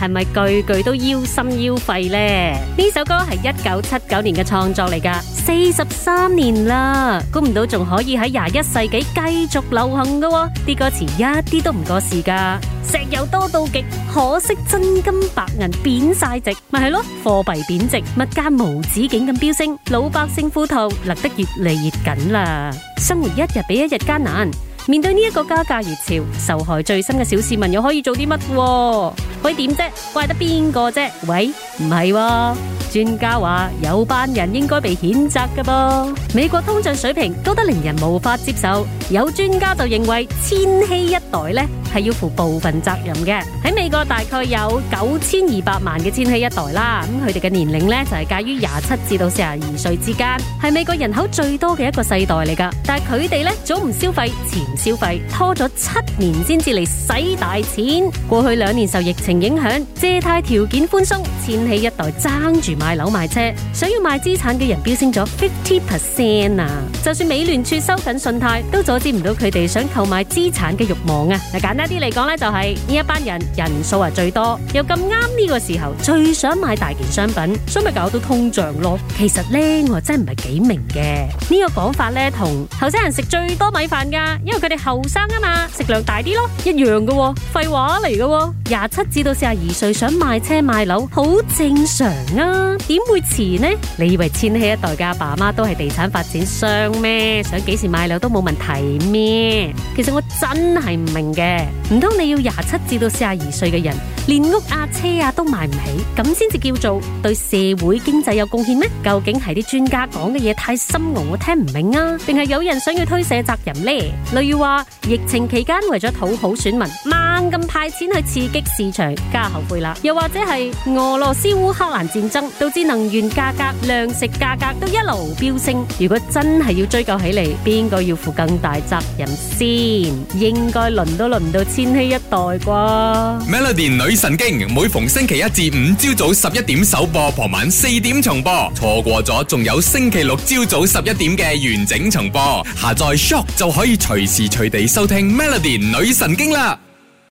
係咪句句都腰心腰肺呢？呢首歌係一九七九年嘅創作嚟噶，四十三年啦，估唔到仲可以喺廿一世紀繼續流行噶喎。啲歌詞一啲都唔過時噶。石油多到極，可惜真金白銀貶晒值，咪係咯？貨幣貶值，物價無止境咁飆升，老百姓褲頭勒得越嚟越緊啦，生活一日比一日艱難。面對呢一個加價熱潮，受害最深嘅小市民又可以做啲乜？可以點啫？怪得邊個啫？喂！唔係，專家話有班人應該被譴責嘅噃。美國通脹水平高得令人無法接受，有專家就認為千禧一代呢係要負部分責任嘅。喺美國大概有九千二百萬嘅千禧一代啦，咁佢哋嘅年齡呢，就係介於廿七至到四十二歲之間，係美國人口最多嘅一個世代嚟噶但係佢哋呢，早唔消費，前消費，拖咗七年先至嚟使大錢。過去兩年受疫情影響，借貸條件寬鬆，前喺一代爭住買樓買車，想要買資產嘅人飆升咗 fifty percent 啊！就算美聯儲收緊信貸，都阻止唔到佢哋想購買資產嘅欲望啊！嗱，簡單啲嚟講咧，就係呢一班人人數係最多，又咁啱呢個時候最想買大件商品，所以咪搞到通脹咯。其實咧，我真係唔係幾明嘅、這個、呢個講法咧，同後生人食最多米飯噶，因為佢哋後生啊嘛，食量大啲咯，一樣嘅廢話嚟嘅，廿七至到四十二歲想買車買樓，好。正常啊，點會遲呢？你以為千禧一代嘅爸媽都係地產發展商咩？想幾時買樓都冇問題咩？其實我真係唔明嘅。唔通你要廿七至到四十二歲嘅人，連屋啊車啊都買唔起，咁先至叫做對社會經濟有貢獻咩？究竟係啲專家講嘅嘢太深奧，我聽唔明啊？定係有人想要推卸責任呢？例如話疫情期間為咗討好選民，猛咁派錢去刺激市場，梗係後悔啦。又或者係俄羅斯烏克蘭戰爭導致能源價格、糧食價格都一路飆升。如果真係要追究起嚟，邊個要負更大責任先？應該輪都輪唔到千禧一代啩。Melody 女神經每逢星期一至五朝早十一點首播，傍晚四點重播。錯過咗，仲有星期六朝早十一點嘅完整重播。下載 Shock 就可以隨時隨地收聽 Melody 女神經啦。